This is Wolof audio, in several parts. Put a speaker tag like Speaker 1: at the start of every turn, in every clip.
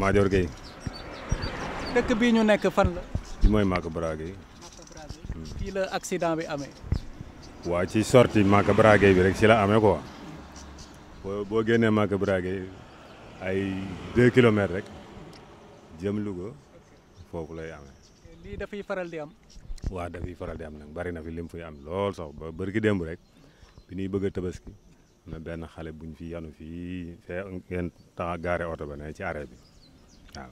Speaker 1: Madior Gueye.
Speaker 2: dëkk bii ñu nekk fan la.
Speaker 1: ci mooy Maka Bragué. Maka
Speaker 2: fii la accident bi amee.
Speaker 1: waa ci sortie Maka Bragué bi rek ci la amee quoi boo boo génnee Maka Bragué ay 2 kilomètres rek jëm Louga foofu lay amee.
Speaker 2: lii dafay faral di am.
Speaker 1: waa dafay faral di am nag bari na fi lim fuy am lool sax ba bari ki démb rek bi ñuy bëgg a na benn xale buñ fi yanu fii fee ngeen tax gaare oto ba ne ci arrêt bi. waaw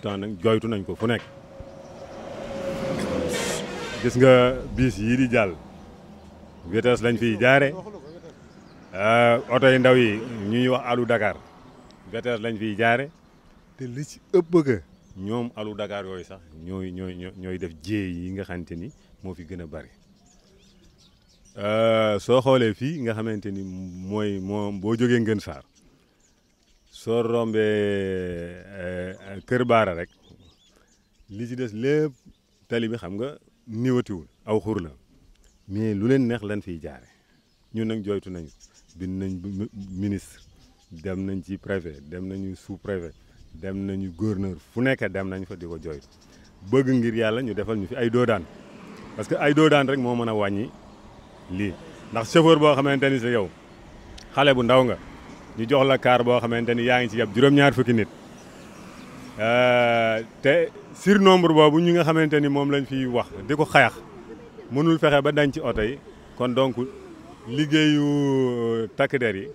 Speaker 1: tout nag jooytu nañ ko fu nekk gis nga bis yii di jàll vitesse lañ fiy jaare euh, oto yi ndaw yi ñuy wax alu Dakar vitesse lañ fiy jaare te li ci ëpp ñoom alu Dakar yooyu sax ñooy ñooy def jéey yi nga xamante ni moo fi gën a bari euh, soo xoolee fii nga xamante ni mooy moo boo jógee Ngën Saar soo rombee eh, Kër Baara rek li ci des lépp tali xam nga niwatiwul aw xur la mais lu leen neex leen fiy jaare ñun nag jooytu nañu bind nañ ministre dem nañ ci préfet dem nañu sous préfet dem nañu gouverneur fu nekk dem nañ fa di ko jooytu bëgg ngir yàlla ñu defal ñu fi ay doodaan parce que ay doodaan rek moo mën a wàññi lii ndax chauffeur boo xamante ni si yow xale bu ndaw nga. ñu jox la kaar boo xamante ni yaa ngi ci yab juróom-ñaar fukki nit euh, te sir nombre boobu ñi nga xamante ni moom lañ fiy wax di ko xayax mënul fexe ba dañ ci oto yi kon donc liggéeyu euh, takk der yi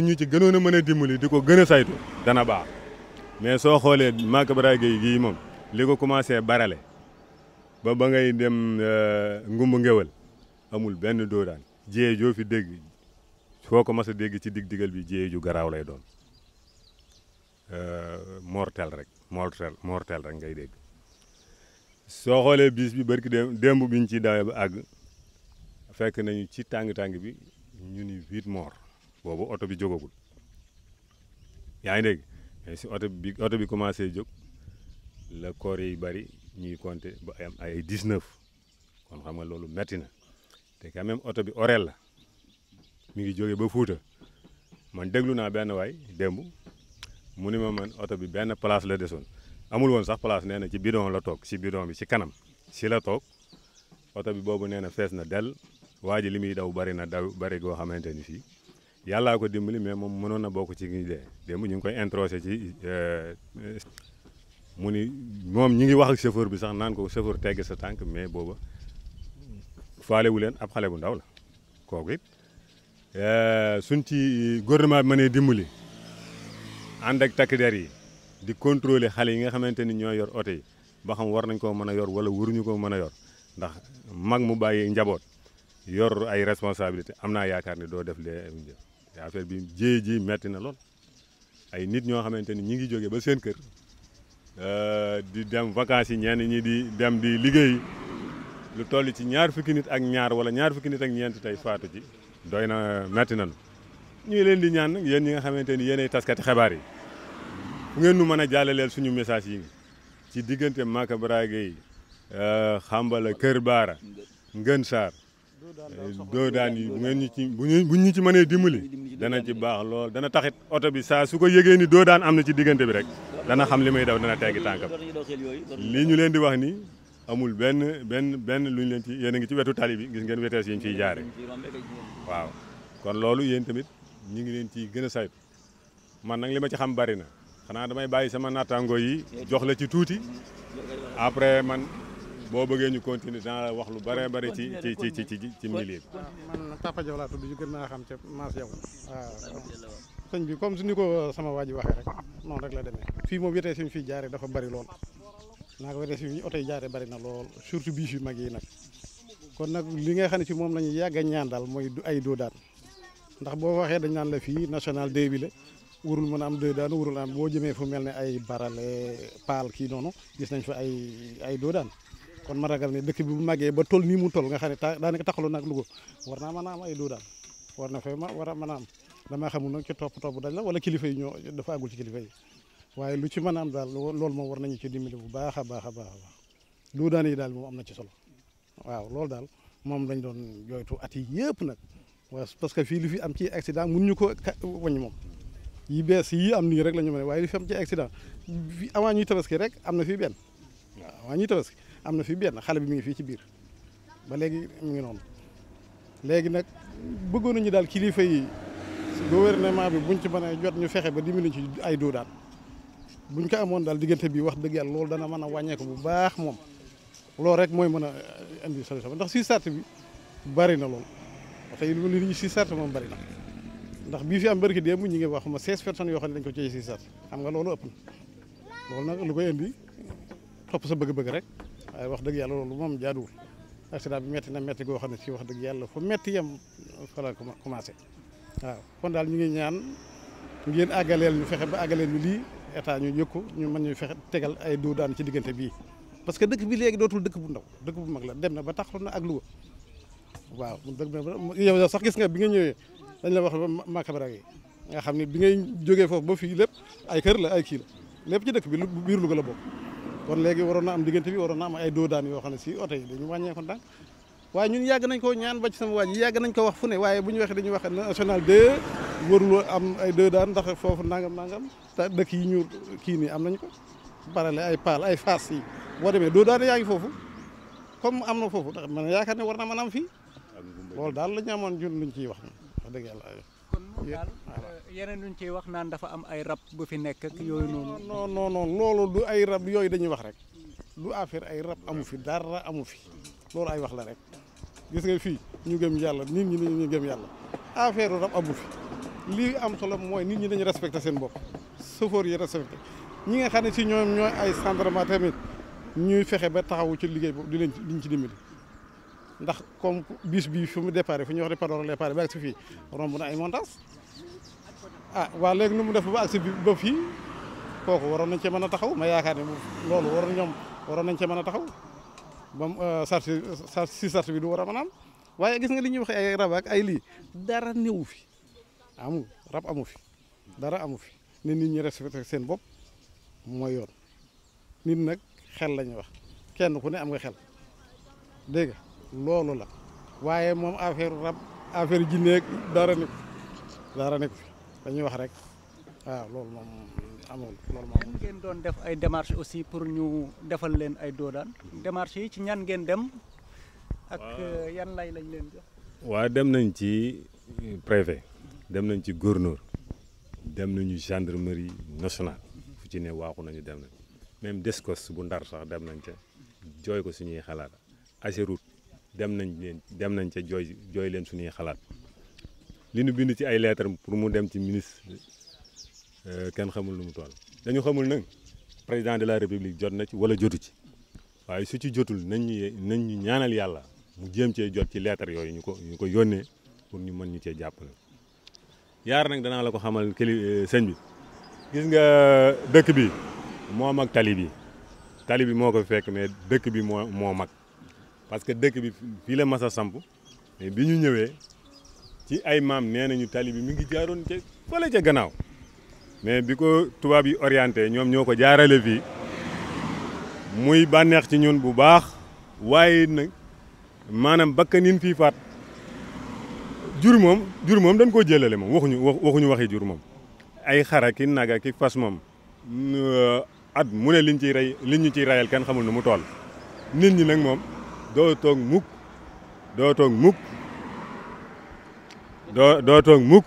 Speaker 1: ñu ci gënoon a mën a dimbali di ko gën a saytu dana baax mais soo xoolee Makabaray Gueye gii moom li ko commencé barale ba ba ngay dem euh, ngumbu ngéwal amul benn doodaan jiyee joo fi dégg foo ko mas dégg ci dig digal bi jéye ju garaaw lay doon euh, mortel rek mortel mortel rek ngay dégg soo xoolee bis bi barki dem démb biñ ci dawee ba àgg fekk nañu ci tàng-tàng bi ñu ni huit morts boobu oto bi jógagul yaa ngi dégg mais si oto bi oto bi commencé jog la koor yi bari ñuy compter ba am ay dix kon xam nga loolu metti na te quand oto bi orel la mi ngi jógee ba Fuuta man déglu naa benn waay démb mu ni ma man oto bi benn place la desoon amul woon sax place nee na ci bidon la si bidon bi si kanam si la toog oto bi boobu nee na fees na dell waa ji li muy daw bari na daw bari goo xamante ni fii yàllaa ko dimbali mais moom mënoon na bokk ci ngi dee démb ñu ngi koy introsé ci euh, mu ni moom ñu ngi wax ak bi sax naan ko chauffeur tegg sa tànk mais booba faalewu leen ab xale bu ndaw la kooku it Eh, suñ ci eh, gouvernement bi mënee dimbali ànd ak takk der yi di contrôler xale yi nga xamante ni ñoo yor oto yi ba xam war nañ koo mën a yor wala waruñu koo mën a yor ndax mag mu bàyyi njaboot yor ay responsabilité am naa yaakaar ne doo def lee affaire bi jéey ji metti na lool ay nit ñoo xamante ni ñi ngi jóge ba seen kër eh, di dem vacances yi ñenn ñi di dem di liggéey lu toll ci ñaar fukki nit ak ñaar wala ñaar fukki ak ñeent tey faatu ci doy na metti nañu ñu ngi leen di ñaan nag yéen ñi nga xamante ni yéenay taskati xebaar yi fu ngeen nu mën a jàllaleel suñu message yi ci diggante Maka Bragué yi euh, Xambala Kër Baara Ngën Saar doo daan yi bu ngeen ñu ci bu ñu ci mënee dimbali dana ci baax lool dana taxit oto bi saa su ko yëgee ni doo daan am na ci diggante bi rek dana xam li may daw dana teggi tànkam li ñu leen di wax ni amul benn benn benn lu ñu leen ci yéen a ngi ci wetu tali bi gis ngeen wetees yi ñu jaare waaw kon loolu yéen tamit ñu ngi leen ci gën a saytu man nag li ma ci xam bari na xanaa damay bàyyi sama nattaangoo yi jox la ci tuuti après man boo bëggee ñu continuer dana wax lu bare bare ci ci ci ci ci ci milieu bi. Ah,
Speaker 2: man Papa Diaw laa tudd gën naa xam ca Mass Diaw waaw ah, sëñ bi comme su ñu ko sama waaju ji waxee rek noonu rek la demee fii moom wetees yi ñu fiy jaare dafa bari lool. naa ko weesu fi ñu oto yi bari na lool surtout biis yu mag yi nag kon nag li nga xam ne ci moom la ñuy yàgg ñaan daal mooy du ay doo daan ndax boo waxee dañ naan la fii national 2 bi la warul mën a am daan warul am boo jëmee fu mel ne ay barale paal kii noonu gis nañ fa ay ay doo kon ma ragal ne dëkk bi bu màggee ba toll nii mu nga xam ne daanaka taxalu nag Louga war naa mën a am ay doo daan war na fa ma war a mën a am damaa xamul nag ci topp topp dañ la wala kilifa yi ñoo dafa àggul ci kilifa yi waaye lu ci mën a am daal loolu moom war nañu ci dimbali bu baax a baax a baax a baax yi daal moom am na ci solo waaw loolu daal moom lañ doon jooytu at yi yëpp nag waaw parce que fii lu fi am ci accident mun ñu ko wañ moom yi bees yi am nii rek lañu ma mën waaye lu fi am ci accident fi avant rek am na fii benn waaw avant ñuy am na fi benn xale bi mi ngi fii ci biir ba léegi mu ngi noonu léegi nag bëggoon nañu daal kilifa yi gouvernement bi buñ ci mën a jot ñu fexe ba dimbali ci ay doo bu buñ ko amoon daal diggante bi wax dëgg yàlla loolu dana mën a wàññeeku bu baax moom loolu rek mooy mën a eh, indi solution ndax si sart bi bari na lool tey lu ñu si sart moom bari ndax bii fi am barki démb ñu ngi wax ma 16 personnes yoo xam ne dañ ko cay si sart xam nga loolu ëpp loolu nag lu koy indi topp sa bëgg-bëgg rek waaye wax dëgg yàlla loolu moom jaaduwul accident bi metti na metti goo xam ne si wax dëgg yàlla foo metti yam fa la commencé waaw kon daal ñu ngi ñaan ngeen àggaleel ñu fexe ba àggaleel ñu lii état ñu yëg ko ñu mën ñu fexe tegal ay doo daan ci diggante bii parce que dëkk bi léegi dootul dëkk bu ndaw dëkk bu mag la dem na ba taxaw na ak Louga waaw gis nga bi nga ñëwee dañ la wax makabara yi nga xam ne bi ngay jógee foofu ba fii lépp ay kër la ay kii la lépp ci dëkk bi biir Louga la bokk kon léegi waroon na am diggante bi waroon na am ay doo daan yoo xam ne si oto yi dañu wàññeeku ndànk waaye ñun yàgg nañ ko ñaan ba ci sama waa ji yàgg nañ ko wax fu ne waaye bu ñu waxee dañuy wax national 2 waruloo am ay deux daan ndax foofu nangam nangam te dëkk yi ñu kii nii am nañ ko barale ay paal ay faas yi boo demee deux daan yaa ngi foofu comme am na foofu ndax man yaakaar ne war na man am fii loolu daal la amoon jun luñ ciy wax dëgg yàlla daal euh, yeneen luñ ciy wax naan dafa am ay rab bu fi nekk ak yooyu noonu non non loolu du ay rab yooyu dañuy wax rek du affaire ay rab amu fi dara amu fi loolu ay wax la rek gis nga fii ñu gëm yàlla nit ñi ñu gëm yàlla affaire rab amu fi lii am solo mooy nit ñi dañu respecté seen bopp chauffeur yi respecté ñi nga xam ne si ñoom ñooy ay gendarme tamit ñuy fexe ba taxawu ci liggéey boobu di leen di ci dimbali ndax comme bis bi fu mu déparé fi ñuy wax ne Podor la déparé ba agsi fii romb na ay montages ah waa léegi nu mu def ba agsi bi ba fii kooku waroon nañ cee mën a taxaw ma yaakaar ne loolu waroon ñoom waroon nañ cee mën a taxaw ba mu sart si sart bi du war a mën waaye gis nga li ñuy wax ay rab ay lii dara néew fi. amul rab amu fi dara amu fi ne nit ñi respecté seen bopp mooy yoon nit nag xel lañuy wax kenn ku ne am nga xel dégg nga loolu la waaye moom affaire rab affaire jinne ak dara nekk dañuy wax rek waaw loolu moom amul loolu moom. ñan ngeen doon def ay démarches aussi pour ñu defal leen ay doodaan démarches yi ci ñan ngeen dem. ak yan lay lañ leen jox.
Speaker 1: waaw dem nañ ci préfet. dem nañ ci gouverneur dem nañu gendarmerie nationale fu ci ne waaxu nañu dem nañ même descos bu ndar sax dem nañ ca jooy ko suñuy xalaat Ageroute dem nañ leen dem nañ ca jooy jooy leen suñuy xalaat li nu bind ci ay lettre pour mu dem ci ministre euh, kenn xamul lu mu toll dañu xamul nag président de la république jot na ci wala jotu ci waaye su ci jotul nañ nañ ñu ñaanal yàlla mu jéem cee jot ci lettre yooyu ñu ko ñu ko yónnee pour ñu mën ñu cee jàppale yaar nag danaa la ko xamal kili eh, sëñ bi gis nga dëkk bi moo mag tali bi tali bi moo ko fekk mais dëkk bi moo moo mag parce que dëkk bi fii la masa samp mais bi ñu ñëwee ci ay maam nee nañu tali bi mi ngi jaaroon ci fële ca gannaaw mais bi ko tubaab yi orienté ñoom ñoo ko jaarale fii muy bànneex ci ñun bu baax waaye nag maanaam bakkan yin fii jur moom jur moom dañ koo jëlale moom waxuñu waxuñu waxi jur moom ay xara ki naga ki fas moom euh, at mu liñ ciy rey liñ ñu ciy reyal kenn xamul nu mu toll nit ñi nag moom doo toog mukk doo toog mukk doo doo toog mukk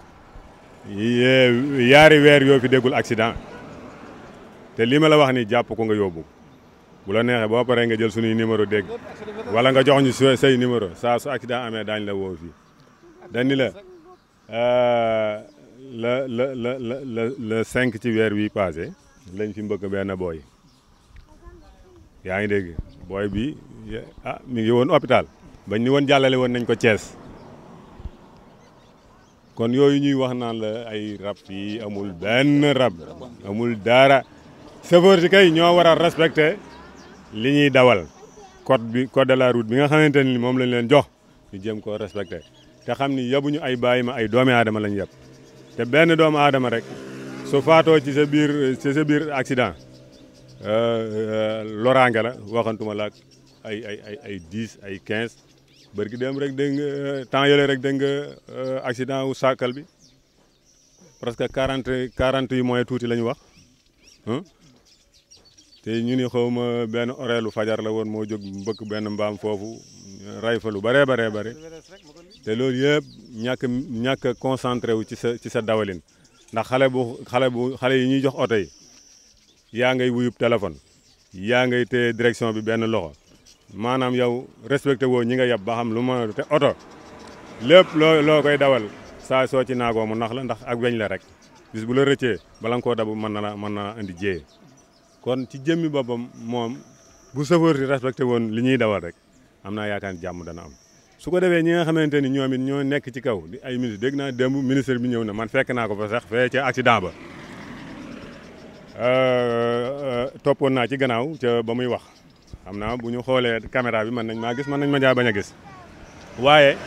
Speaker 1: yaari weer yoo fi déggul accident te li ma la wax ni jàpp ko nga yóbbu bu la neexee boo paree nga jël suñuy numéro dégg wala nga jox ñu say numéro saa su accident amee daañ la woo fii dani euh, la la la la cinq ci weer wi passé lañ fi mbëkk benn booy yaa ngi dégg booy bi ah mi ngi woon hôpital bañ ni woon jàllale woon nañ ko cees kon yooyu ñuy wax naan la ay rab yi amul benn rab amul dara chauffeur si kay ñoo war a respecté li ñuy dawal code bi code de la route bi nga xamante ni moom lañ leen jox ñu jëm koo respecté te xam ni yabuñu ay bàyyi ma ay doomi aadama lañ yab te benn doomu aadama rek su faatoo ci sa biir ci sa biir accident euh, euh, loraange la waxantuma laak ay ay ay ay dix ay quinze bërki dem rek dégg nga euh, temps yële rek dégg nga accident wu sakal bi presque quarante quarante yu mooy tuuti la wax te ñu ni ma benn oreelu fajar la woon moo jog mbëkk benn mbaam foofu ray fa lu baree baree bare te loolu yëpp ñàkk ñàkk a wu ci sa ci sa dawalin ndax xale bu xale bu xale yi ñuy jox oto yi yaa ngay wuyub téléphone yaa ngay téye direction bi benn loxo maanaam yow respecté woo ñi nga yab ba xam lu ma te oto lépp loo loo koy dawal saa soo ci naagoo mu nax la ndax ak weñ la rek bis bu la rëccee bala nga dabu mën na la mën na indi jéye kon ci jëmmi boppam moom bu sëfër si respecté woon li ñuy dawal rek am naa yaakaar jàmm dana am su ko defee ñi nga xamante ni ñoom it ñoo nekk ci kaw di ay ministre dégg naa démb ministre bi ñëw na man fekk naa ko fa sax fee ca accident ba euh, euh, toppoon naa ci gannaaw ba muy wax xam naa bu ñu xoolee caméra bi mën nañ maa gis man nañ ma jaa bañ a gis waaye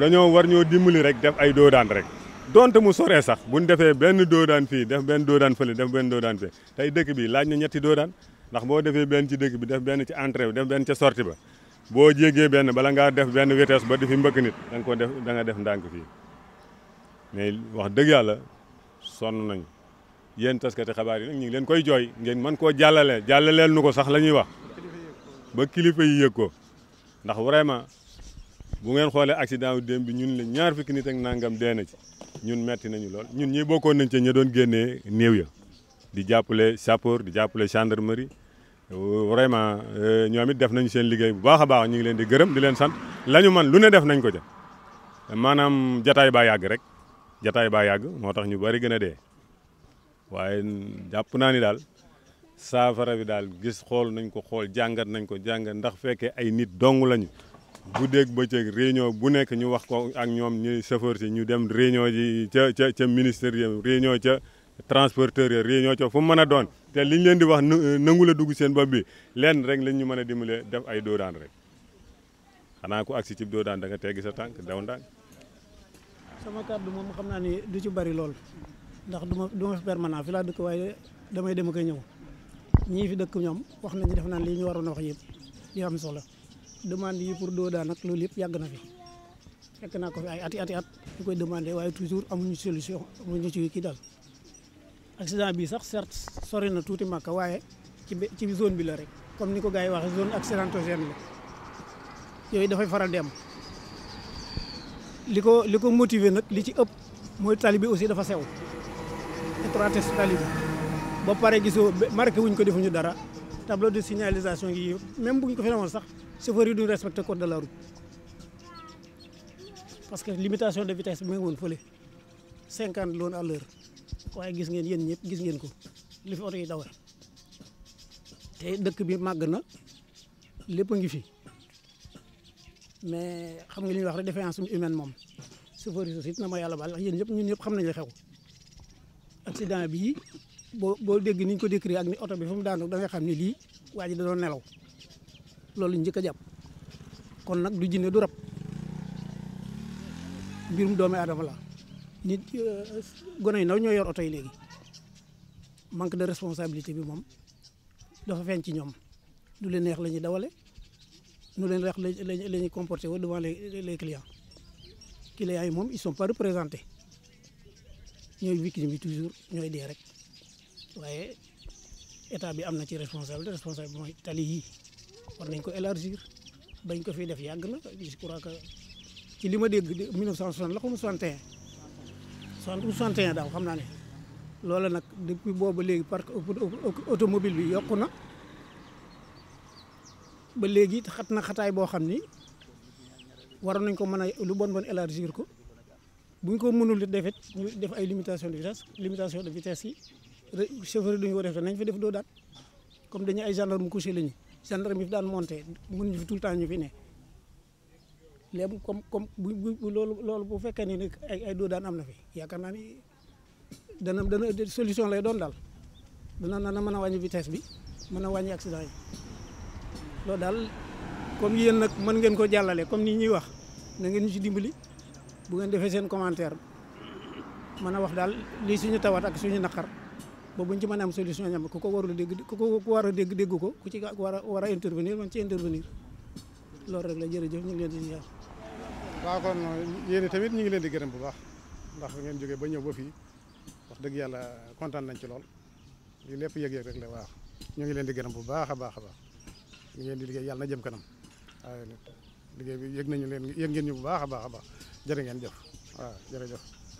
Speaker 1: dañoo war ñoo dimbali rek def ay doodaan rek donte mu soree sax bu ñu defee benn doodaan fii def benn doodaan fële def benn doodaan fee tey dëkk bi laaj na ñetti doodaan ndax boo defee benn ci dëkk bi def benn ci entrée bi def benn ca sortie ba boo jéggee benn bala ngaa def benn vitesse ba di fi mbëkk nit da def da def ndànk fii mais wax dëgg yàlla sonn nañ yéen taskati xabaar yi nag ñu leen koy jooy ngeen man koo jàllale jàllaleel nu ko sax la ñuy wax ba kilifa yi yëg ko ndax vraiment bu ngeen xoolee accident wu démb bi ñun la ñaar fukki nit ak nangam dee na ci ñun metti nañu lool ñun ñi bokkoon nañ ci ña doon génnee néew ya di jàppale sapeur di jàppale gendarmerie vraiment euh, ñoom it def nañ seen liggéey bu baax a baax ñu ngi leen di gërëm di leen sant lañu man lu ne def nañ ko ca maanaam jataay baa yàgg rek jataay baa yàgg moo tax ñu bari gën a dee waaye jàpp naa ni daal saafara bi daal gis xool nañ ko xool jàngat nañ ko jàngat ndax fekkee ay nit dong lañu guddeeg bëccëg réunion bu nekk ñu wax ko ak ñoom ñu chauffeur si ñu dem réunion ji ca ca ca ministère yi réunion ca transporteurs yi réunion ca fu mu mën a doon te li ñu leen di wax euh, nangu la dugg seen bopp bi leen rek lañ ñu mën a dimbale def ay doo doodaan rek xanaa ku agsi ci doodaan da nga teggi sa tànk daw ndànk.
Speaker 3: sama kàddu moom xam naa ni du ci bari lool ndax du ma du ma fi permanent fi laa dëkk waaye damay dem koy ñëw ñii fi dëkk ñoom wax nañ def naan lii ñu waroon a wax yëpp di am soxla demande yi pour doo ak loolu yëpp yàgg na fi. fekk naa ko fi ay ati ati at ñu koy demandé waaye toujours amuñu solution amuñu ci kii daal. accident bi sax certes sori na tuuti Màkka waaye ci ci zone bi la rek comme ni ko gaa yi waxee zone accidentogène la yooyu dafay faral dem li ko li ko motiver nag li ci ëpp mooy talibi aussi dafa sew étroitesse tali bi ba pare gisoo marqué wuñ ko defuñu dara tableau de signalisation yi même ñu ko fi demoon sax chauffeur yi duñ respecté code de la route parce que limitation de vitesse bi mu ngi woon fële cinquante loon à l'heure waaye gis ngeen yéen ñëpp gis ngeen ko li fi oto yi dawal te dëkk bi màgg na lépp a ngi fi mais xam nga li wax rek défaillance humaine moom chauffeur yi aussi na ma yàlla baal ndax yéen ñëpp ñun yëpp xam nañ la xew accident bii boo boo dégg niñ ko décrire ak ni oto bi fu mu daanu da xam ni lii waa ji da doon nelaw loolu njëkk a jàpp kon nag du jinne du rab mbirum doomu aadama la nit euh, gone yi ndaw ñoo yor oto yi léegi manque de responsabilité bi moom dafa feeñ ci ñoom du leen neex la ñuy dawale nu leen neex la la ñuy comporté wa devant les les clients clients yi moom ils sont pas représentés ñooy victime bi toujours ñooy dee rek waaye état bi am na ci responsabilité responsabilité mooy tali yi war nañ ko élargir bañ ko fi def yàgg na je crois que ci li ma dégg 1960 la ko mu 61 61 daaw xam naa ne loola nag depuis ba léegi parce parc automobile bi yokku na ba léegi xat na xataay boo xam ni waroon nañ ko mën a lu bon bon élargir ko bu ñu ko mënul defet ñu def ay limitation de vitesse limitation de vitesse yi chauffeur duñu ko def nañ fa def doo daan comme dañu ay gendarme couché la ñu gendarme yi fi daan monté mënuñu fi tout le temps ñu fi ne léegi comme comme bu bu loolu loolu bu fekkee ni ay ay doo daan am na fi yaakaar naa ni dana dana solution lay doon daal dana na mën a wàññi vitesse bi mën a wàññi accident yi loolu daal comme yéen nag mën ngeen ko jàllale comme ni ñuy wax na ngeen ñu ci dimbali bu ngeen defee seen commentaire mën a wax daal lii suñu tawat ak suñu naqar ba buñ ci mën a am solution ñam ku ko warul dégg ku ko war a dégg dégg ko ku ci war a war a intervenir man ci intervenir loolu rek la jërëjëf ñu ngi leen di ñaan waaw kon
Speaker 2: yéen tamit ñu ngi leen di gërëm bu baax ndax ngeen jógee ba ñëw ba fii wax dëgg yàlla kontaan nañ ci lool li lépp yëg-yëg rek la waaw ñu ngi leen di gërëm bu baax a baax a baax ñu ngeen di liggéey yàlla na jëm kanam waaw liggéey bi yëg nañu leen yëg ngeen ñu bu baax a baax a baax jërë ngeen jëf waaw jërëjëf